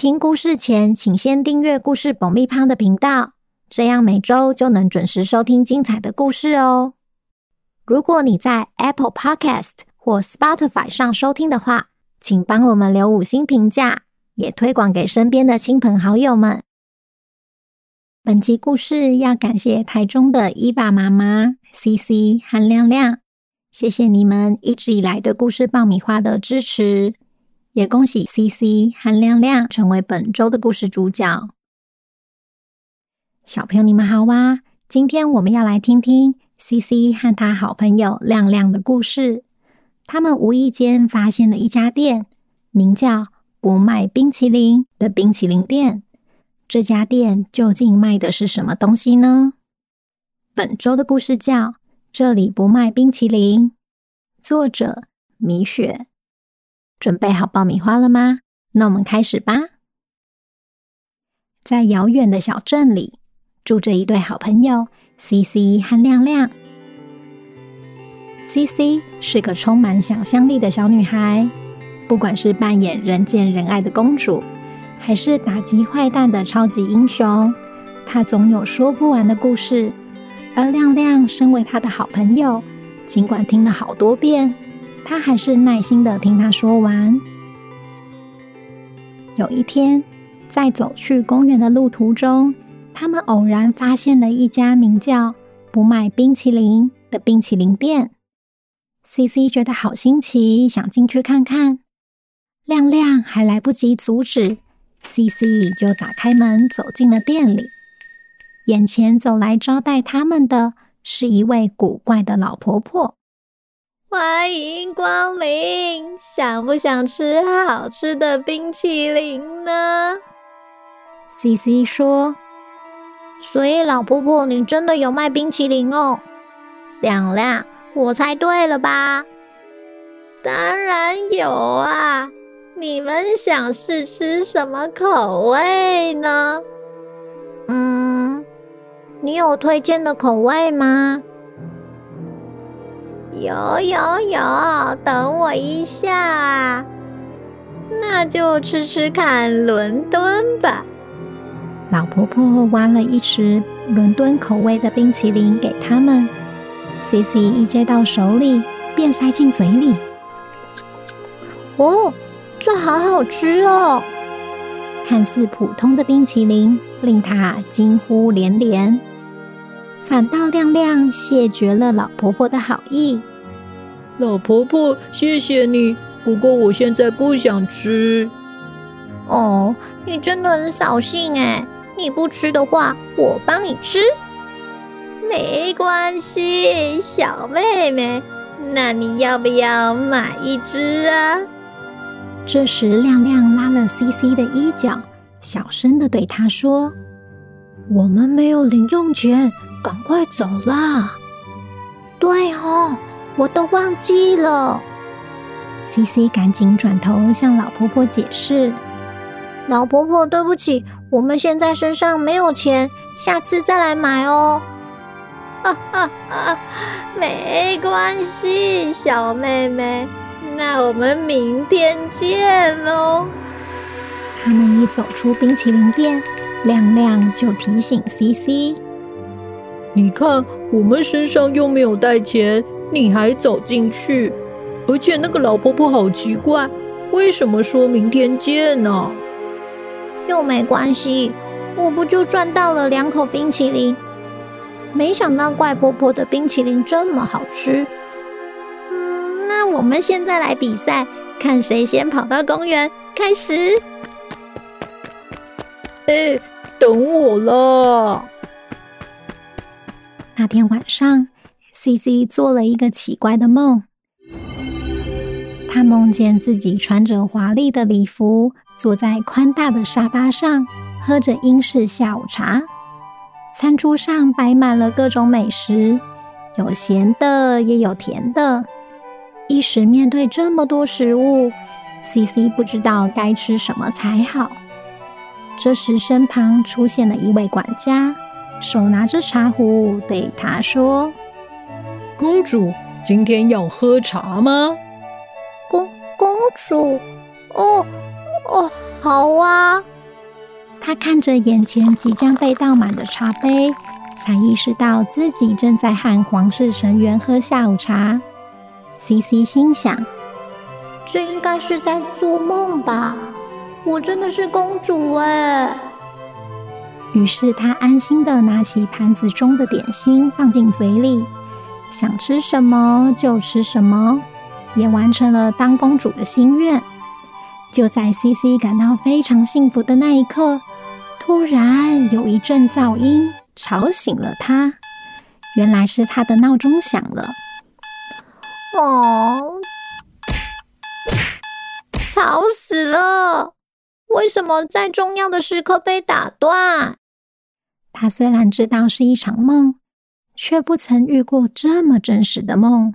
聽故事前，請先訂閱故事爆米花的頻道，這樣每周就能準時收聽精彩的故事哦。如果你在 Apple Podcast 或 Spotify 上收聽的話，請幫我們留五星評價，也推廣給身邊的親朋好友們。本期故事要感謝台中的 Eva 媽媽 CC 和亮亮，謝謝你們一直以來對故事爆米花的支持。也恭喜 CC 和亮亮成為本周的故事主角。小朋友，你們好哇、啊！今天我們要來聽聽 CC 和她好朋友亮亮的故事。他們無意間發現了一家店，名叫“不賣冰淇淋”的冰淇淋店。這家店究竟賣的是什麼東西呢？本周的故事叫《這裡不賣冰淇淋》，作者米雪。準備好爆米花了嗎？那我們開始吧。在遙遠的小鎮裡，住着一對好朋友，CC 和亮亮。CC 是個充滿想象力的小女孩，不管是扮演人見人愛的公主，還是打擊壞蛋的超級英雄，她總有說不完的故事。而亮亮身為她的好朋友，儘管聽了好多遍。他還是耐心的聽他說完。有一天，在走去公園的路途中，他們偶然發現了一家名叫“不賣冰淇淋”的冰淇淋店。CC 覺得好新奇，想進去看看。亮亮還來不及阻止，CC 就打開門走進了店裡。眼前走來招待他們的是一位古怪的老婆婆。歡迎光臨，想不想吃好吃的冰淇淋呢？CC 說，所以老婆婆，你真的有賣冰淇淋哦？亮亮，我猜對了吧？當然有啊，你們想試吃什麼口味呢？嗯，你有推薦的口味嗎？有有有，等我一下啊！那就吃吃看倫敦吧。老婆婆挖了一匙倫敦口味的冰淇淋給他們，CC 一接到手裡便塞進嘴裡。哦，這好好吃哦！看似普通的冰淇淋令她驚呼連連，反倒亮亮謝絕了老婆婆的好意。老婆婆，謝謝你。不過我現在不想吃。哦，你真的很掃興哎！你不吃的話，我幫你吃。沒關係，小妹妹。那你要不要買一只啊？這時，亮亮拉了 CC 的衣角，小聲地對她說 ：“我們沒有零用錢，趕快走啦 ！”對哦。我都忘記了，CC 趕緊轉頭向老婆婆解釋：“老婆婆，對不起，我們現在身上沒有錢，下次再來買哦。”哈哈哈，沒關係，小妹妹，那我們明天見嘍。他們一走出冰淇淋店，亮亮就提醒 CC：“ 你看，我們身上又沒有帶錢。”你還走進去，而且那個老婆婆好奇怪，為什麼說明天見呢？又沒關係，我不就賺到了兩口冰淇淋？沒想到怪婆婆的冰淇淋這麼好吃。嗯，那我們現在來比賽，看誰先跑到公園。開始！哎、呃，等我了。那天晚上。CC 做了一個奇怪的夢，她夢見自己穿着華麗的禮服，坐在寬大的沙發上，喝着英式下午茶。餐桌上擺滿了各種美食，有鹹的也有甜的。一時面對這麼多食物，CC 不知道該吃什麼才好。這時，身旁出現了一位管家，手拿着茶壺對她說。公主，今天要喝茶嗎？公、公主，哦哦，好啊。她看着眼前即將被倒滿的茶杯，才意識到自己正在和皇室成員喝下午茶。CC 心想：這應該是在做夢吧？我真的是公主誒。於是她安心的拿起盤子中的點心，放進嘴裡。想吃什麼就吃什麼，也完成了當公主的心願。就在 CC 感到非常幸福的那一刻，突然有一陣噪音吵醒了她。原來是她的鬧鐘響了。哦，吵死了！為什麼在重要的時刻被打斷？她雖然知道是一場夢。卻不曾遇過這麼真實的夢。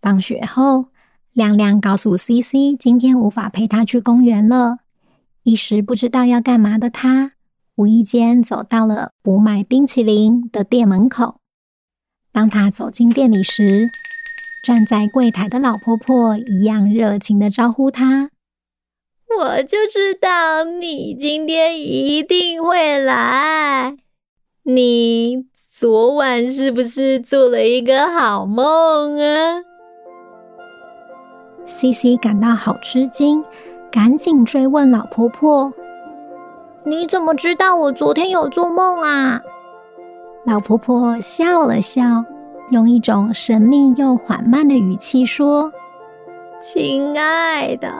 放學後，亮亮告訴 CC，今天無法陪她去公園了。一時不知道要幹嘛的她，無意間走到了不賣冰淇淋的店門口。當她走進店裡時，站在櫃台的老婆婆一樣熱情地招呼她：“我就知道你今天一定會來。”你昨晚是不是做了一個好夢啊？CC 感到好吃驚，趕緊追問老婆婆：“你怎麼知道我昨天有做夢啊？”老婆婆笑了笑，用一種神秘又緩慢的語氣說：“親愛的，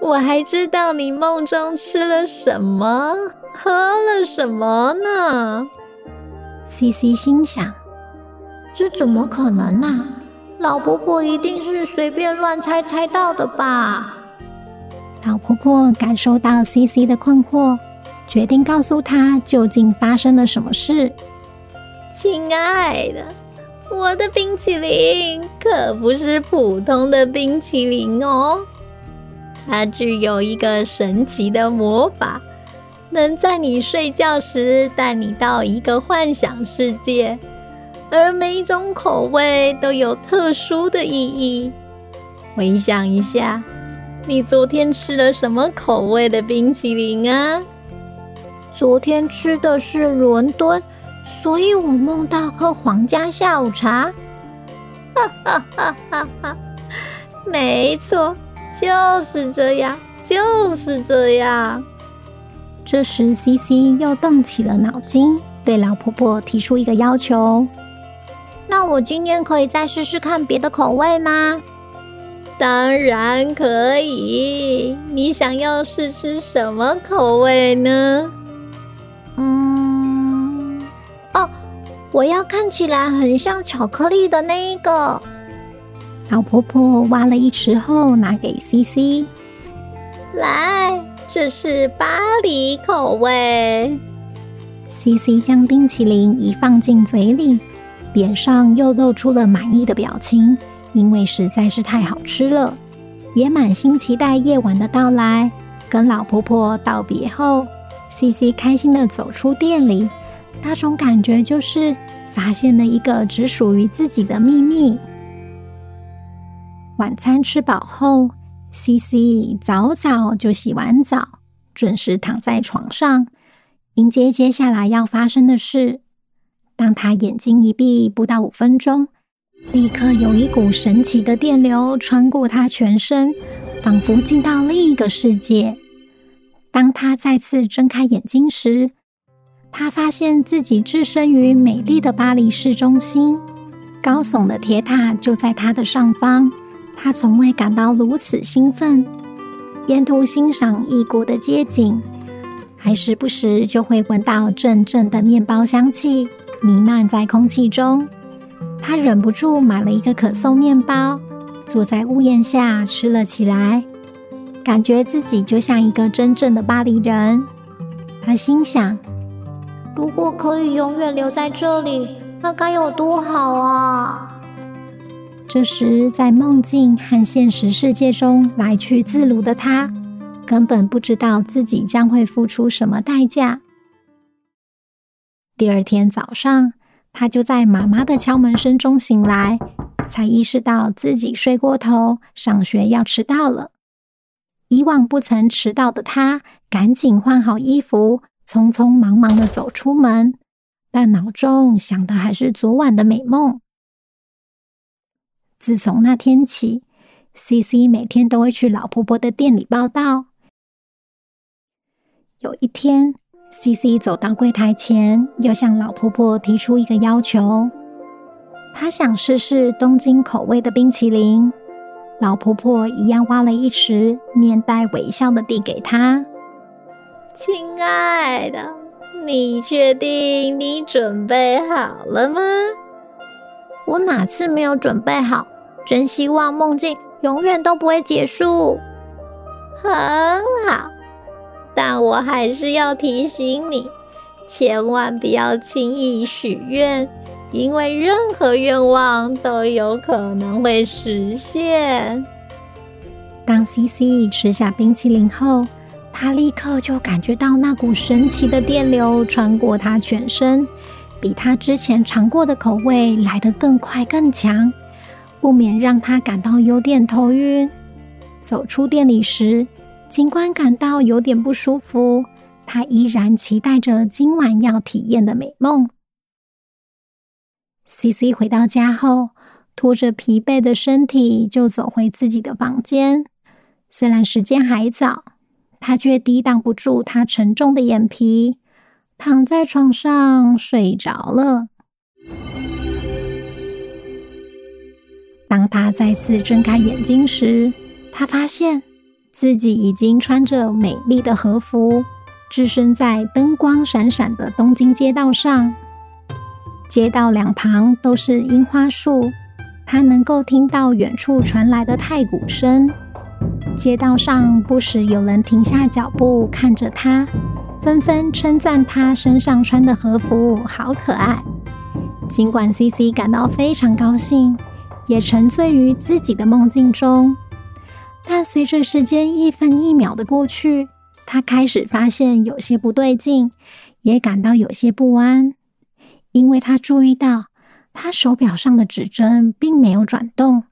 我還知道你夢中吃了什麼，喝了什麼呢？” CC 心想：“這怎麼可能呢？老婆婆一定是隨便亂猜猜到的吧？”老婆婆感受到 CC 的困惑，決定告訴她究竟發生了什麼事。“親愛的，我的冰淇淋可不是普通的冰淇淋哦，它具有一個神奇的魔法。”能在你睡覺時帶你到一個幻想世界，而每一種口味都有特殊的意義。回想一下，你昨天吃了什麼口味的冰淇淋啊？昨天吃的是倫敦，所以我夢到喝皇家下午茶。哈哈哈哈哈！沒錯，就是這樣，就是這樣。這時，CC 又動起了腦筋，對老婆婆提出一個要求：“那我今天可以再試試看別的口味嗎？”“當然可以，你想要試吃什麼口味呢？”“嗯，哦，我要看起來很像巧克力的那一個。”老婆婆挖了一匙後，拿給 CC 來。這是巴黎口味。CC 將冰淇淋一放進嘴裡，臉上又露出了滿意的表情，因為實在是太好吃了，也滿心期待夜晚的到來。跟老婆婆道別後，CC 開心的走出店裡，那種感覺就是發現了一個只屬於自己的秘密。晚餐吃飽後。CC 早早就洗完澡，準時躺在床上，迎接接下來要發生的事。當她眼睛一閉，不到五分鐘，立刻有一股神奇的電流穿過她全身，仿佛進到另一個世界。當她再次睜開眼睛時，她發現自己置身於美麗的巴黎市中心，高聳的鐵塔就在她的上方。他從未感到如此興奮，沿途欣賞異國的街景，還時不時就會聞到陣陣的麵包香氣瀰漫在空氣中。他忍不住買了一個可頌麵包，坐在屋檐下吃了起來，感覺自己就像一個真正的巴黎人。他心想：如果可以永遠留在這裡，那該有多好啊！這時，在夢境和現實世界中來去自如的他，根本不知道自己將會付出什麼代價。第二天早上，他就在媽媽的敲門聲中醒來，才意識到自己睡過頭，上學要遲到了。以往不曾遲到的他，趕緊換好衣服，匆匆忙忙的走出門，但腦中想的還是昨晚的美夢。自從那天起，CC 每天都會去老婆婆的店裡報到。有一天，CC 走到櫃檯前，又向老婆婆提出一個要求：她想試試東京口味的冰淇淋。老婆婆一樣挖了一匙，面帶微笑地遞給她：“親愛的，你確定你準備好了嗎？”我哪次沒有準備好？真希望夢境永遠都不會結束。很好，但我還是要提醒你，千萬不要輕易許願，因為任何願望都有可能會實現。當 CC 吃下冰淇淋後，他立刻就感覺到那股神奇的電流穿過他全身。比他之前嘗過的口味來得更快更強，不免讓他感到有點頭暈。走出店裡時，儘管感到有點不舒服，他依然期待着今晚要體驗的美夢。CC 回到家後，拖着疲憊的身體就走回自己的房間。雖然時間還早，他卻抵擋不住他沉重的眼皮。躺在床上睡着了。當他再次睜開眼睛時，他發現自己已經穿着美麗的和服，置身在燈光閃閃的東京街道上。街道兩旁都是櫻花樹，他能夠聽到遠處傳來的太鼓聲。街道上不時有人停下腳步看着他。紛紛稱讚她身上穿的和服好可愛。儘管 CC 感到非常高興，也沉醉於自己的夢境中，但隨着時間一分一秒的過去，她開始發現有些不對勁，也感到有些不安，因為她注意到她手錶上的指針並沒有轉動，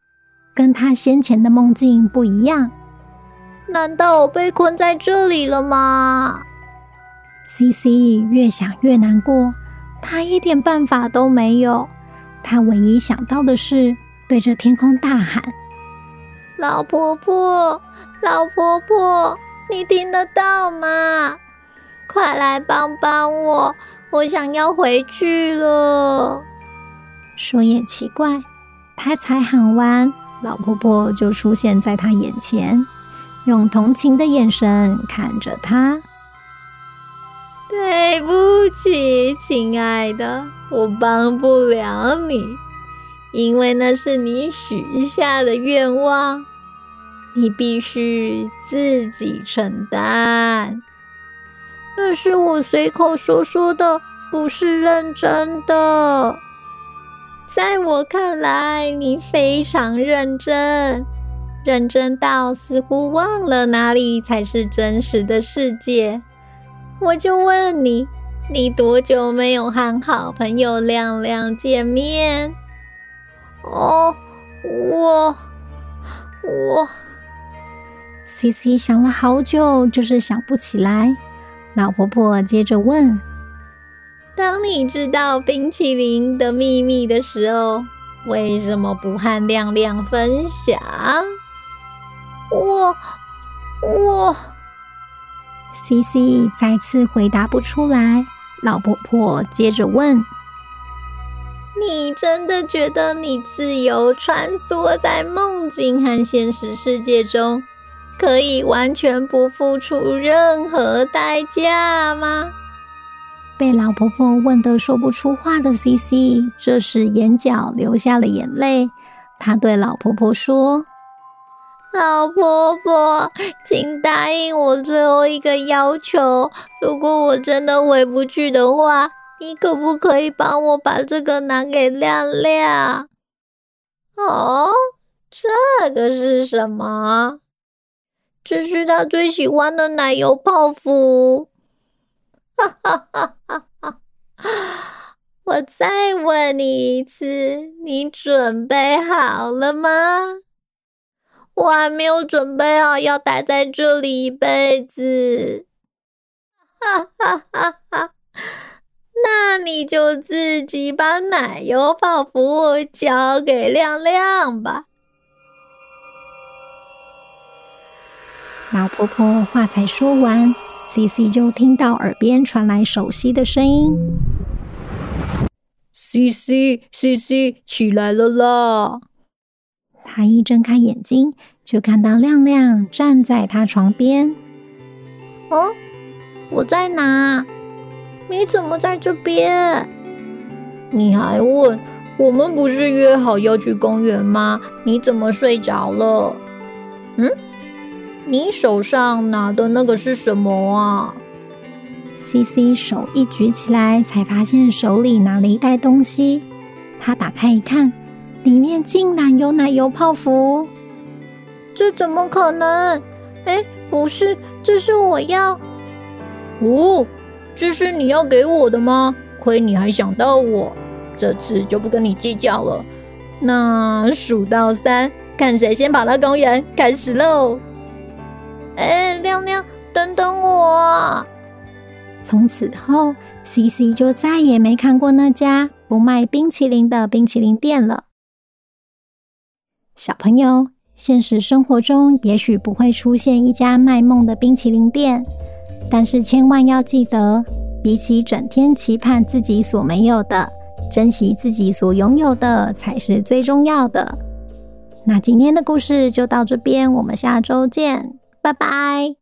跟她先前的夢境不一樣。難道我被困在這裡了嗎？CC 越想越難過，她一點辦法都沒有。她唯一想到的是對着天空大喊：“老婆婆，老婆婆，你聽得到嗎？快來幫幫我，我想要回去了。”說也奇怪，她才喊完，老婆婆就出現在她眼前，用同情的眼神看着她。對不起，親愛的，我幫不了你，因為那是你許下的願望，你必須自己承擔。那是我隨口說說的，不是認真的。在我看來，你非常認真，認真到似乎忘了哪裡才是真實的世界。我就問你，你多久沒有和好朋友亮亮見面？哦，我，我。CC 想了好久，就是想不起來。老婆婆接着問：當你知道冰淇淋的秘密的時候，為什麼不和亮亮分享？我，我。CC 再次回答不出來，老婆婆接着問：“你真的覺得你自由穿梭在夢境和現實世界中，可以完全不付出任何代價嗎？”被老婆婆問得說不出話的 CC，這時眼角流下了眼淚。她對老婆婆說。老婆婆，請答應我最後一個要求。如果我真的回不去的話，你可不可以幫我把這個拿給亮亮？哦，這個是什麼？這是他最喜歡的奶油泡芙。哈哈哈哈哈！我再問你一次，你準備好了嗎？我還沒有準備好要待在這裡一輩子， 那你就自己把奶油泡芙交給亮亮吧。老婆婆話才說完，CC 就聽到耳邊傳來熟悉的聲音：“CC，CC，起來了啦！”他一睜開眼睛，就看到亮亮站在他床邊。哦，我在哪？你怎麼在這邊？你還問？我們不是約好要去公園嗎？你怎麼睡着了？嗯？你手上拿的那個是什麼啊？CC 手一舉起來，才發現手裡拿了一袋東西。他打開一看。裡面竟然有奶油泡芙！這怎麼可能？哎，不是，這是我要。哦，這是你要給我的嗎？虧你還想到我，這次就不跟你計較了。那數到三，看誰先跑到公園，開始嘍！哎，亮亮，等等我！從此後，CC 就再也沒看過那家不賣冰淇淋的冰淇淋店了。小朋友，現實生活中也許不會出現一家賣夢的冰淇淋店，但是千萬要記得，比起整天期盼自己所沒有的，珍惜自己所擁有的才是最重要的。那今天的故事就到這邊，我們下周見，拜拜。